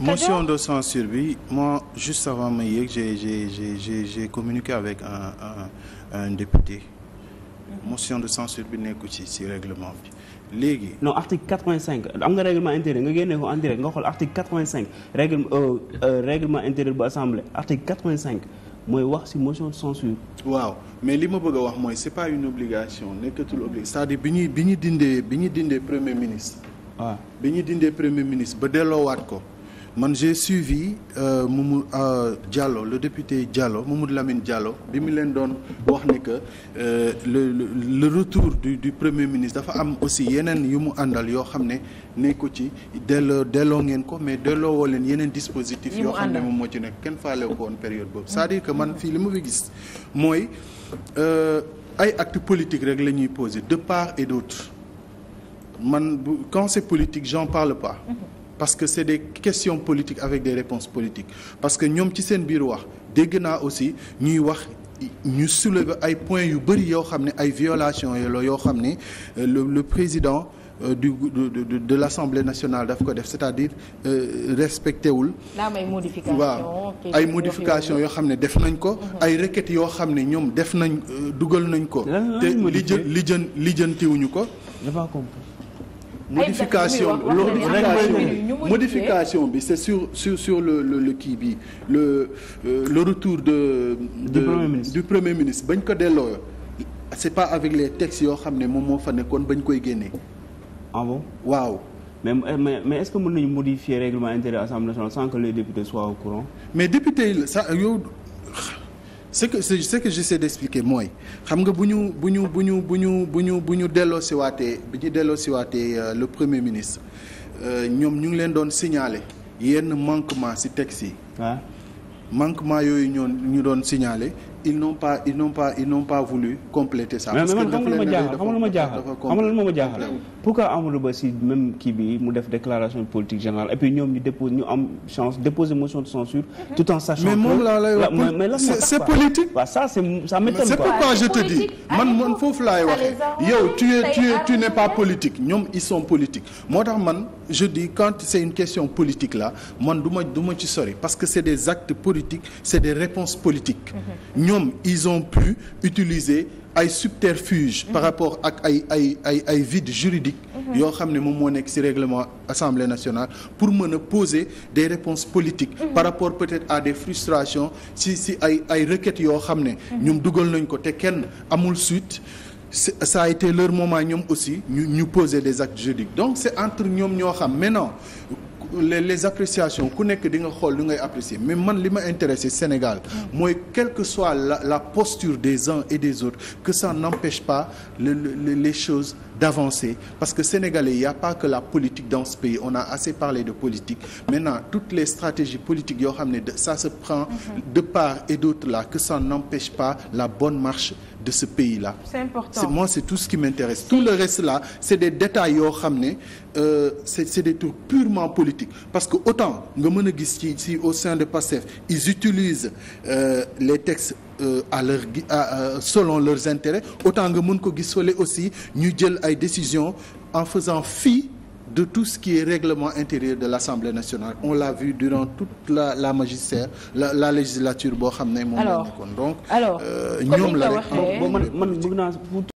motion de censure bi moi juste avant ma yéeg j'ai j'ai j'ai communiqué avec un député motion mhm. de censure bi nekku ci ci règlement bi léegi. no article quatre vingt cinq am nga règlement intérieur nga génne ko en direct nga xool article quatre vingt cinq règle euh, euh, règlement intérieur bu assemblée article quatre mooy wax ci motion de censure. waaw mais li ma bëgg a wax mooy c'est pas une obligation nekkatul obligation c'est-à-dire bi ñuy bi ñu dindee bi ñu dindee premier ministre. waaw bi ñu dindee premier ministre ba delloowaat ko. man j'ai suivi euh, Mamadou euh, Diallo le député Diallo Mamadou Lamine Diallo bi mu leen doon wax ne que euh, le le retour du du premier ministre dafa am aussi yeneen yu mu àndal yoo xam ne nekk ci delloo delloo ngeen ko mais delloo woo leen yeneen dispositif yoo xam ne moom moo ci nekk kenn faale ko woon période boobu c'est-à-dire que man fii li ma fi gis mooy ay acte politique rek la ñuy poser de part et d'autre man bu quand c'est politique j'en parle pas mhm. parce que c'est des questions politiques avec des réponses politiques parce que ñoom ci seen biir wax dégg naa aussi ñuy wax ñu soulever ay point yu bëri yoo xam ne ay violation la yoo xam ne euh, le président euh, du de de l'Assemblée nationale daf ko def c'est-à-dire euh, respecté wul. ay modifications waaw ay modifications yoo xam ne def nañ ko. Mhm. ay requêtes yoo xam ne ñoom def nañ dugal nañ ko. te li jë li jën li jëntiwuñu ko. modification modification bi c'est sur sur sur le le kii bi le euh, le retour de. de du premier ministre bañ ko delloo c'est pas avec les textes yoo xam ne moom moo fa nekkoon bañ koy génnee. ah bon waaw. mais mais mais est-ce que nañu modifier règlement intérieur Assemblée nationale sans que les députés soient au courant. mais député yi la sa yow. ce que ce que j'essaie d'expliquer mooy xam nga bu ñu bu ñu bu ñu bu ñu bu ñu bu ñu delloo siwaatee bi ñu delloo siwaatee euh, le premier ministre euh, ñoom ñu ngi leen doon signaler yenn manquement si texte yi. Ah. manquement yooyu ñoon ñu doon signaler ils n'ont pas ils n'ont pas ils n'ont pas voulu compléter ça. parce que dafa leen dafa xam nga lu ma jaaxal xam nga lu ma jaaxal. pourquoi Amadou Ba si même kii bi mu def déclaration politique générale et puis ñoom ñu dépose ñu am chance déposer motion de censure mhm. tout en sachant mais moom laa lay wax c'est politique. waaw ça c'est ça m'étonne c'est pourquoi je te dis man man foofu laay waxee yow tu es tu es tu n'es pas politique ñoom ils sont politiques moo tax man je dis quand c'est une question politique là man du ma du ma ci sori parce que c'est des actes politiques c'est des réponses politiques. Mhm. ñoom ils ont pu utiliser ay subterfuge par mhm. rapport ak ay ay ay ay vide juridique mhm. yoo xam ne moom moo nekk ci règlement assemblée nationale pour mën a poser des réponses politiques mhm. par rapport peut-être à des frustrations si si ay ay requêtes yoo xam ne ñoom dugal nañ ko te kenn amul suite ça a été leur moment ñoom aussi ñu ñu poser des actes juridiques donc c'est entre ñoom ñoo xam maintenant les les appréciations ku nekk di nga xool li ngay apprécier mais quelle que soit la la posture des uns et des autres que ça n'empêche pas le, le, les choses d'avancer parce que Sénégalais il y a pas que la politique dans ce pays on a assez parlé de politique maintenant toutes les stratégies politiques yoo xam ne ça se prend de part et d'autre là que ça n'empêche pas la bonne marche de ce pays là c'est tout ce qui m'intéresse tout le reste là c'est des détails politique parce que autant nga mën a gis ci ci au sein de PASTEF ils utilisent euh, les textes euh, à leur à, selon leurs intérêts autant nga mën ko gis fële aussi ñu jël ay décisions en faisant fi de tout ce qui est règlement intérieur de l'Assemblée nationale on l'a vu durant toute la la magistère la la législature boo xam ne. moom la nekkoon donc. alors euh, ñoom la rek man man bëgg